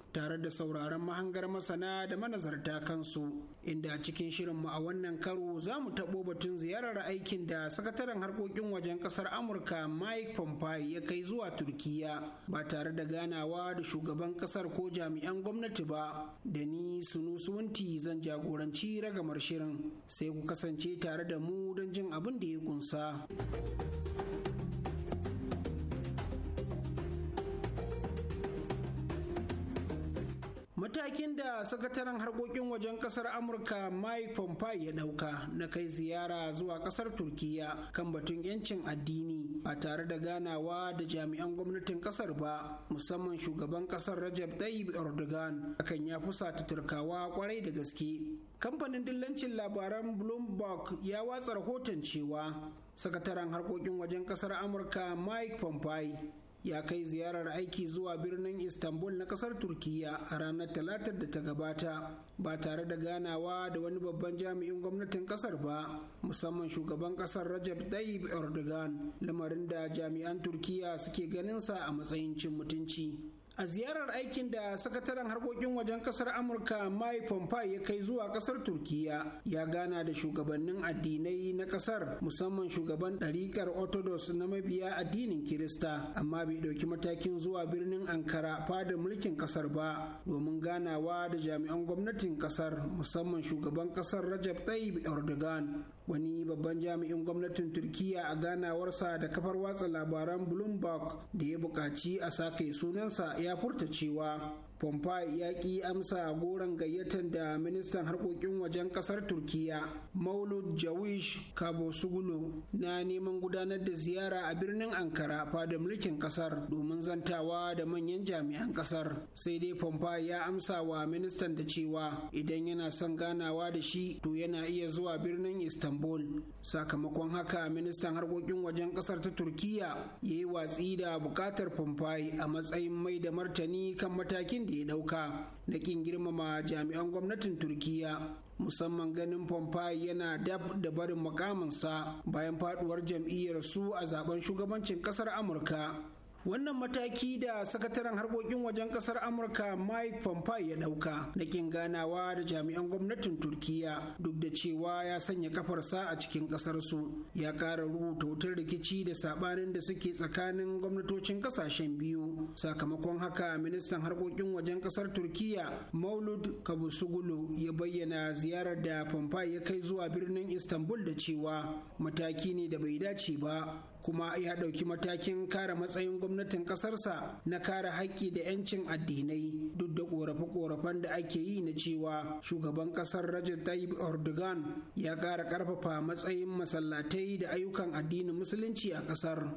tare da sauraron mahangar masana da manazarta kansu inda a cikin shirinmu a wannan karo za mu taɓo batun ziyarar aikin da sakataren harkokin wajen ƙasar amurka mike pompeo ya kai zuwa turkiya ba tare da ganawa da shugaban ƙasar ko jami'an gwamnati ba da ni sunu suwunti zan jagoranci ragamar shirin sai ku kasance tare da mu don jin abin da ya kunsa. matakin da sakataren harkokin wajen kasar amurka mike pompeo ya dauka na kai ziyara zuwa kasar turkiya kan batun yancin addini ba tare da ganawa da jami'an gwamnatin kasar ba musamman shugaban kasar rajab tayyip erdogan akan ya fusata turkawa kwarai da gaske kamfanin dillancin labaran bloomberg ya watsa rahoton cewa sakataren harkokin wajen kasar amurka mike pompeo ya kai ziyarar aiki zuwa birnin istanbul na kasar turkiya a ranar talatar da ta gabata ba tare da ganawa da wani babban jami'in gwamnatin kasar ba musamman shugaban kasar rajab tayyip erdogan lamarin da jami'an turkiya suke ganin sa a matsayin cin mutunci a ziyarar aikin da sakataren harkokin wajen kasar amurka mike pompeo ya kai zuwa kasar turkiya ya gana da shugabannin addinai na kasar musamman shugaban ɗariƙar orthodox na mabiya addinin kirista amma bai ɗauki matakin zuwa birnin ankara fadar mulkin kasar ba domin ganawa da jami'an gwamnatin kasar musamman shugaban kasar rajab tayyip erdogan wani babban jami'in gwamnatin turkiya a ganawarsa da kafar watsa labaran bloomberg da ya buƙaci a sake sunansa ya furta cewa pompeo ya ƙi amsa goron gayyatar da ministan harkokin wajen ƙasar turkiyya maulud jawish kabosugulu na neman gudanar da ziyara a birnin ankara fada mulkin ƙasar domin zantawa da manyan jami'an ƙasar sai dai pompeo ya amsa wa ministan da cewa idan yana son ganawa da shi to yana iya zuwa birnin istanbul sakamakon haka ministan harkokin wajen kasar ta turkiya ya yi watsi da buƙatar pompeo a matsayin mai da martani kan matakin da ya ɗauka na ƙin girmama jami'an gwamnatin turkiya musamman ganin Pompey yana dab da barin makamansa bayan faduwar jam'iyyar su a zaben shugabancin ƙasar Amurka wannan mataki da sakataren harkokin wajen kasar amurka mike pompeo ya dauka na kin ganawa da jami'an gwamnatin turkiya duk da cewa ya sanya kafarsa a cikin kasar su ya kara rubuta wutar rikici da sabanin da suke tsakanin gwamnatocin kasashen biyu sakamakon haka ministan harkokin wajen kasar turkiya maulud kabusugulu ya bayyana ziyarar da pompeo ya kai zuwa birnin istanbul da cewa mataki ne da bai dace ba kuma ya ɗauki matakin kare matsayin gwamnatin ƙasarsa na kare haƙƙi da 'yancin addinai duk da ƙorafe-ƙorafen da ake yi na cewa shugaban ƙasar Rajab Tayyip Erdogan ya ƙara ƙarfafa matsayin masallatai da ayyukan addinin musulunci a ƙasar.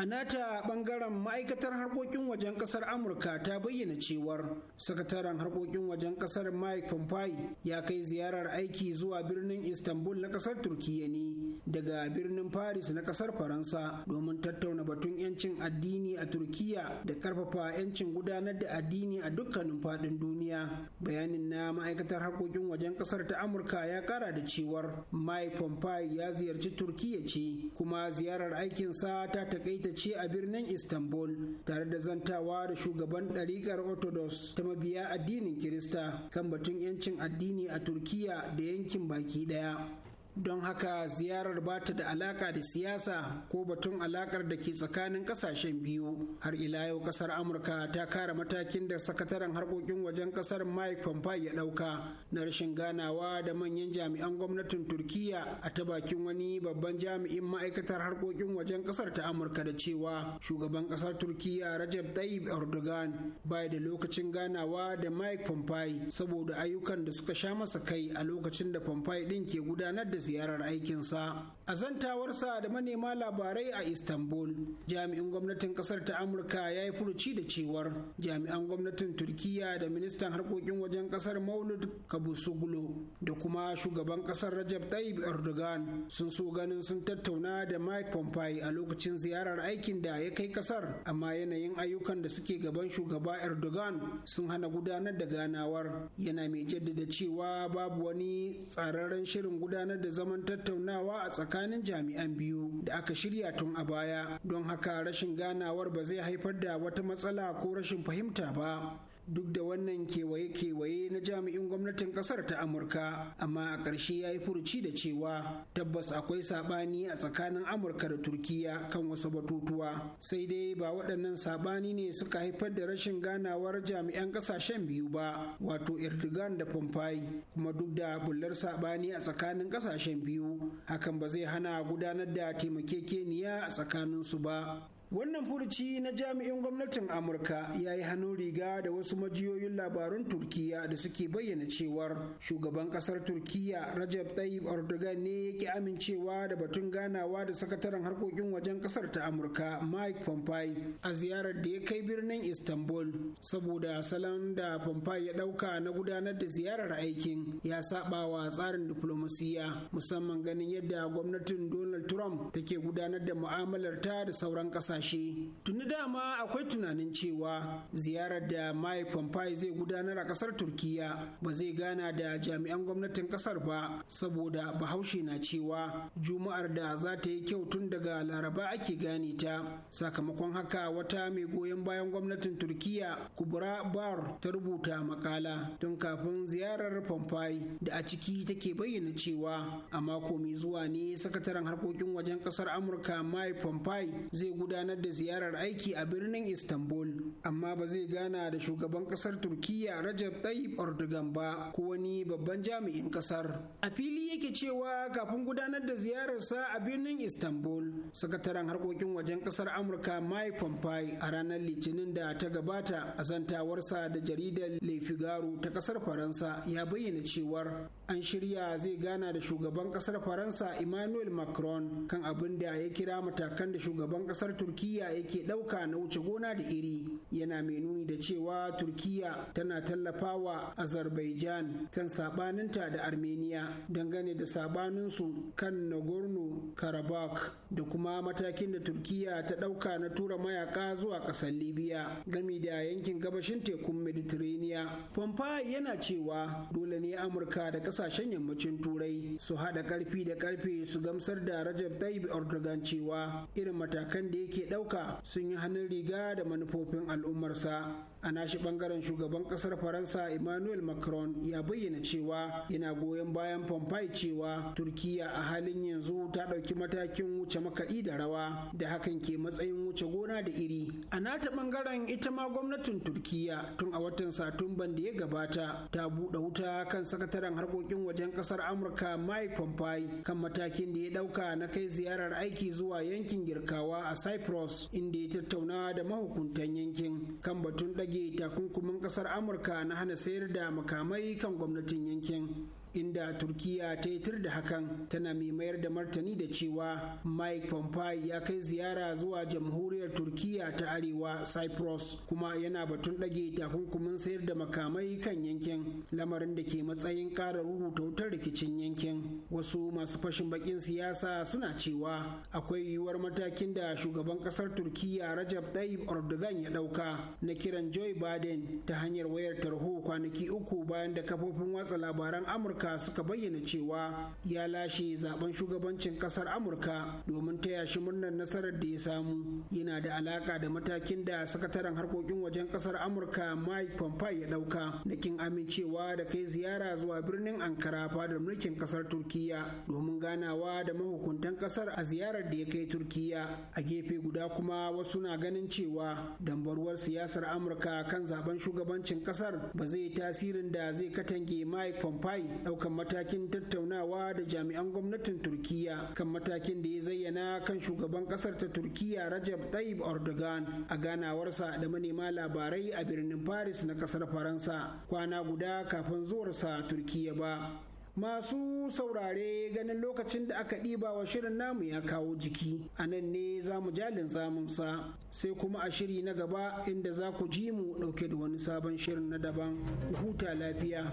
A nata bangaren ma'aikatar harkokin wajen kasar Amurka ta bayyana cewar sakataren harkokin wajen kasar Mike Pompeo ya kai ziyarar aiki zuwa birnin Istanbul na kasar Turkiyya ne daga birnin Paris na kasar Faransa domin tattauna batun 'yancin addini a Turkiyya da karfafa 'yancin gudanar da addini a dukkanin faɗin duniya. Bayanin na ma'aikatar harkokin wajen kasar ta Amurka ya kara da cewar Mike Pompeo ya ziyarci Turkiyya ce kuma ziyarar aikinsa ta takaita ce a birnin istanbul tare da zantawa da shugaban ɗariƙar orthodox ta mabiya addinin kirista kan batun 'yancin addini a turkiya da yankin baki ɗaya don haka ziyarar ba ta da alaka da siyasa ko batun alakar da ke tsakanin kasashen biyu har ila yau kasar amurka ta kara matakin da sakataren harkokin wajen kasar mike pompeo ya dauka na rashin ganawa da manyan jami'an gwamnatin turkiya a ta bakin wani babban jami'in ma'aikatar harkokin wajen kasar ta amurka da cewa shugaban kasar turkiya rajab tayyip erdogan bai da lokacin ganawa da mike pompeo saboda ayyukan da suka sha masa kai a lokacin da pompeo din ke gudanar da ziyarar aikinsa A zantawarsa da manema labarai a Istanbul, jami'in gwamnatin kasar ta Amurka ya yi furuci da cewar jami'an gwamnatin Turkiyya da ministan harkokin wajen kasar Maulud Kabusuglu da kuma shugaban kasar Rajab Tayyip Erdogan sun so ganin sun tattauna da Mike pompey a lokacin ziyarar aikin da ya kai kasar, amma yanayin ayyukan da suke gaban shugaba Erdogan sun hana gudanar da ganawar yana mai jaddada cewa babu wani tsararren shirin gudanar da zaman tattaunawa a tsakanin tsakanin jami'an biyu da aka shirya tun a baya don haka rashin ganawar ba zai haifar da wata matsala ko rashin fahimta ba duk da wannan kewaye-kewaye na jami'in gwamnatin kasar ta amurka amma a ƙarshe ya yi furuci da cewa tabbas akwai saɓani a tsakanin amurka da turkiya kan wasu batutuwa sai dai ba waɗannan saɓani ne suka haifar da rashin ganawar jami'an ƙasashen biyu ba wato erdogan da pompai kuma duk da bullar saɓani a tsakanin ƙasashen biyu hakan ba zai hana gudanar da taimakekeniya a tsakaninsu ba Wannan furuci na jami'in gwamnatin Amurka ya yi hannun riga da wasu majiyoyin labarun Turkiya da suke bayyana cewar shugaban kasar Turkiya Rajab Tayyip Erdogan ne ya ki amincewa da batun ganawa da sakataren harkokin wajen kasar ta Amurka Mike Pompeo a ziyarar da ya kai birnin Istanbul saboda salon da Pompeo ya ɗauka na gudanar da ziyarar aikin ya saba wa tsarin diplomasiya musamman ganin yadda gwamnatin Donald Trump take gudanar da mu'amalar ta da sauran ƙasa. kasashe tuni dama akwai tunanin cewa ziyarar da Mai pompeo zai gudanar a kasar Turkiyya ba zai gana da jami'an gwamnatin kasar ba saboda bahaushe na cewa juma'ar da za ta yi kyau tun daga laraba ake gane ta sakamakon haka wata mai goyon bayan gwamnatin Turkiyya, kubra bar ta rubuta makala tun kafin ziyarar pompeo da a ciki take bayyana cewa a mako mai zuwa ne sakataren harkokin wajen kasar amurka mike pompeo zai gudanar gudanar da ziyarar aiki a birnin Istanbul, amma ba zai gana da shugaban kasar Turkiyya Rajab Tayyip Erdogan ba ko wani babban jami'in kasar. A fili yake cewa kafin gudanar da ziyararsa a birnin Istanbul, sakataren harkokin wajen kasar Amurka Mike Pompeo a ranar Litinin da ta gabata a zantawarsa da jaridar Le ta kasar Faransa ya bayyana cewar an shirya zai gana da shugaban kasar faransa emmanuel macron kan abin da ya kira matakan da shugaban kasar turkiya yake ɗauka na wuce gona da iri yana mai nuni da cewa turkiya tana tallafawa azerbaijan kan sabaninta da armenia dangane da sabaninsu kan nagorno karabakh da kuma matakin da turkiya ta ɗauka na tura mayaka zuwa ƙasar libya gami da yankin gabashin tekun mediterania pompeo yana cewa dole ne amurka da ƙasa. kasashen yammacin turai su haɗa ƙarfi da ƙarfe su gamsar da rajab tayyip erdogan cewa irin matakan da yake ɗauka sun yi hannun riga da manufofin al'ummarsa a nashi bangaren shugaban kasar faransa emmanuel macron ya bayyana cewa yana goyon bayan Pompeo cewa turkiya a halin yanzu ta ɗauki matakin wuce makaɗi da rawa da hakan ke matsayin wuce gona da iri a nata bangaren ita ma gwamnatin turkiya tun a watan satumban da ya gabata ta buɗe wuta kan sakataren harkokin wajen kasar amurka mike Pompeo, kan matakin da ya ɗauka na kai ziyarar aiki zuwa yankin girkawa a cyprus inda ya tattauna da mahukuntan yankin kan batun ɗage rage takunkumin kasar amurka na hana sayar da makamai kan gwamnatin yankin inda turkiya ta yi da hakan tana mai mayar da martani da cewa mike pompeo ya kai ziyara zuwa jamhuriyar turkiya ta arewa cyprus kuma yana batun ɗage takunkumin sayar da makamai kan yankin lamarin da ke matsayin ƙara rubuta wutar rikicin yankin wasu masu fashin bakin siyasa suna cewa akwai yiwuwar matakin da shugaban ƙasar turkiya rajab tayyip erdogan ya ɗauka na kiran joe biden ta hanyar wayar tarho kwanaki uku bayan da kafofin watsa labaran amurka amurka suka bayyana cewa ya lashe zaben shugabancin kasar amurka domin ta yashi murnar nasarar da ya samu yana da alaka da matakin da sakataren harkokin wajen kasar amurka mike pompeo ya dauka da kin amincewa da kai ziyara zuwa birnin ankara fadar mulkin kasar turkiya domin ganawa da mahukuntan kasar a ziyarar da ya kai turkiya a gefe guda kuma wasu na ganin cewa dambaruwar siyasar amurka kan zaben shugabancin kasar ba zai tasirin da zai katange mike pompeo ɗaukan matakin tattaunawa da jami'an gwamnatin turkiya kan matakin da ya zayyana kan shugaban ƙasar ta turkiya rajab tayyip erdogan a ganawarsa da manema labarai a birnin paris na ƙasar faransa kwana guda kafin zuwarsa turkiya ba Masu saurare ganin lokacin da aka ɗiba wa shirin namu ya kawo jiki, a nan ne za mu jalin zamunsa sai kuma a shiri na gaba inda za ku ji mu ɗauke da wani sabon shirin na daban, ku huta lafiya.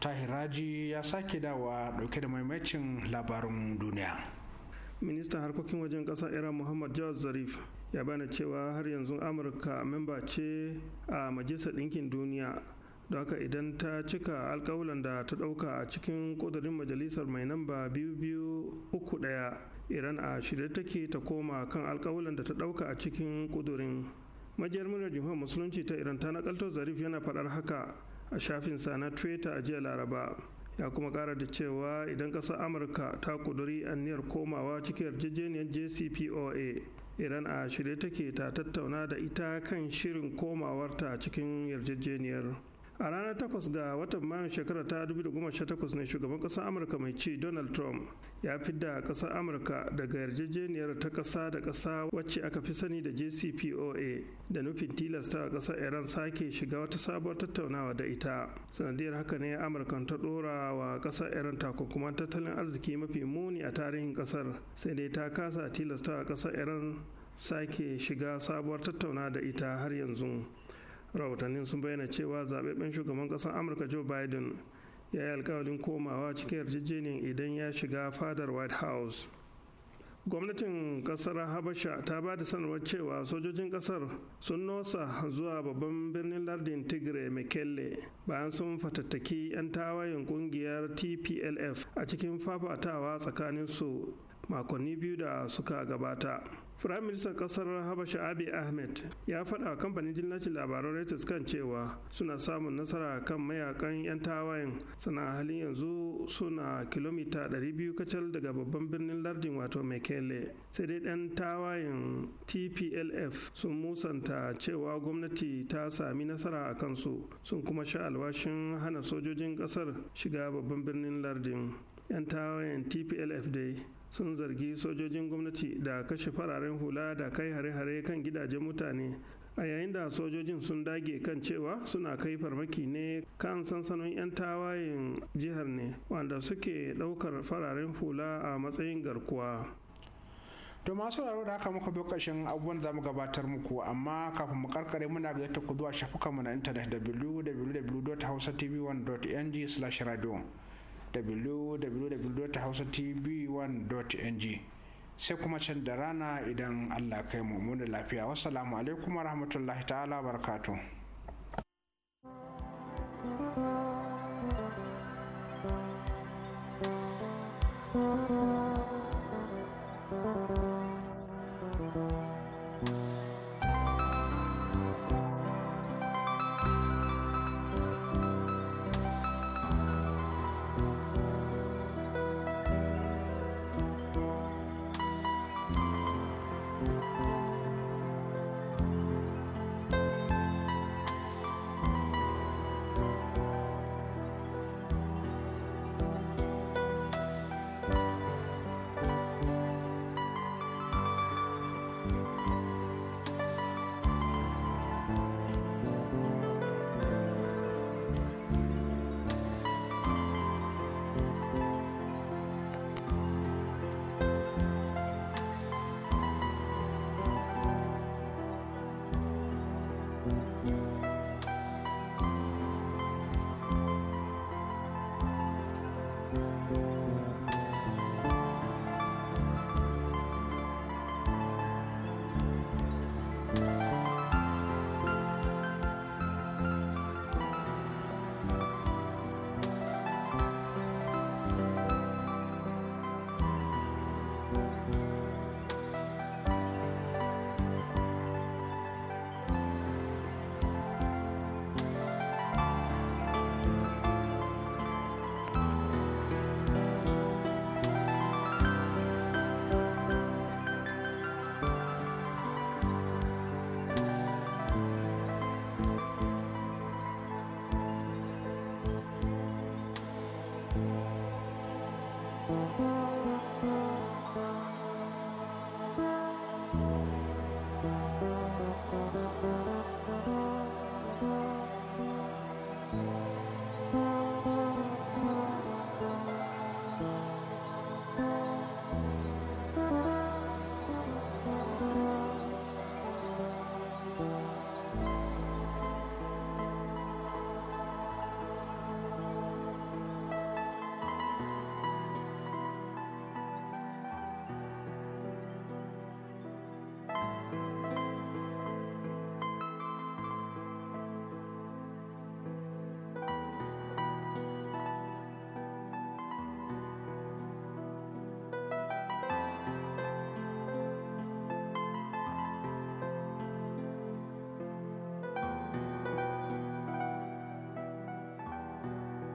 tahiraji ya sake dawa dauke da maimacin labarin duniya ministan harkokin wajen ƙasar iran muhammad jawad zarif ya bayyana cewa har yanzu amurka memba ce a majalisar ɗinkin duniya don haka idan ta cika alkawulan da ta ɗauka a cikin ƙudurin majalisar mai namba biyu biyu uku ɗaya iran a shirye take ta koma kan alkawulan da ta ɗauka a cikin ƙudurin majiyar murya jihar musulunci ta iran ta nakalto zarif yana faɗar haka a shafinsa na twitter a jiya laraba ya kuma kara da cewa idan ƙasar amurka ta kuduri aniyar komawa cikin yarjejeniyar jcpoa iran a shirye take ta tattauna da ita kan shirin komawarta cikin yarjejeniyar a ranar takwas ga watan mayun shekara ta 2018 ne shugaban ƙasar amurka mai ci donald trump ya fi da ƙasar amurka daga yarjejeniyar ta ƙasa da ƙasa wacce aka fi sani da jcpoa da nufin tilasta a ƙasar iran sake shiga wata sabuwar tattaunawa da ita sanadiyar haka ne amurka ta ɗora wa ƙasar iran takunkuman tattalin arziki mafi muni a tarihin ƙasar sai dai ta kasa tilasta a ƙasar iran sake shiga sabuwar tattauna da ita har yanzu rahotannin sun bayyana cewa zaɓaɓɓen shugaban ƙasar amurka joe biden ya yi alkawalin komawa cikin yarjejeniyar idan ya shiga fadar white house gwamnatin ƙasar habasha ta ba da sanarwar cewa sojojin ƙasar sun nosa zuwa babban birnin lardin tigre mekelle bayan sun fatattaki 'yan tawayen ƙungiyar tplf a cikin fafatawa tsakaninsu makonni biyu da suka gabata Ministan ƙasar Habasha Abi Ahmed ya faɗa kamfanin jinnacin labaran Reuters kan cewa suna samun nasara kan mayakan 'yan tawayen sana halin yanzu suna kilomita 200 kacal daga babban birnin lardin wato Mekele. Sai dai 'yan tawayen TPLF sun musanta cewa gwamnati ta sami nasara a kansu sun kuma sha alwashin hana sojojin ƙasar shiga babban birnin lardin. 'Yan tawayen TPLF dai sun zargi sojojin gwamnati da kashe fararen hula da kai hare-hare kan gidajen mutane a yayin da sojojin sun dage kan cewa suna kai farmaki ne kan sansanin 'yan tawayen jihar ne wanda suke ɗaukar fararen hula a matsayin garkuwa to masu raro da haka muka bi abubuwan za mu gabatar muku amma kafin mu karkare muna ga yadda ku zuwa shafukanmu na intanet www.hausatv1.ng/radio www.hausatv1.ng sai kuma can da rana idan allah kai mu da lafiya wasu alaikum wa rahmatullahi ta'ala barkatu.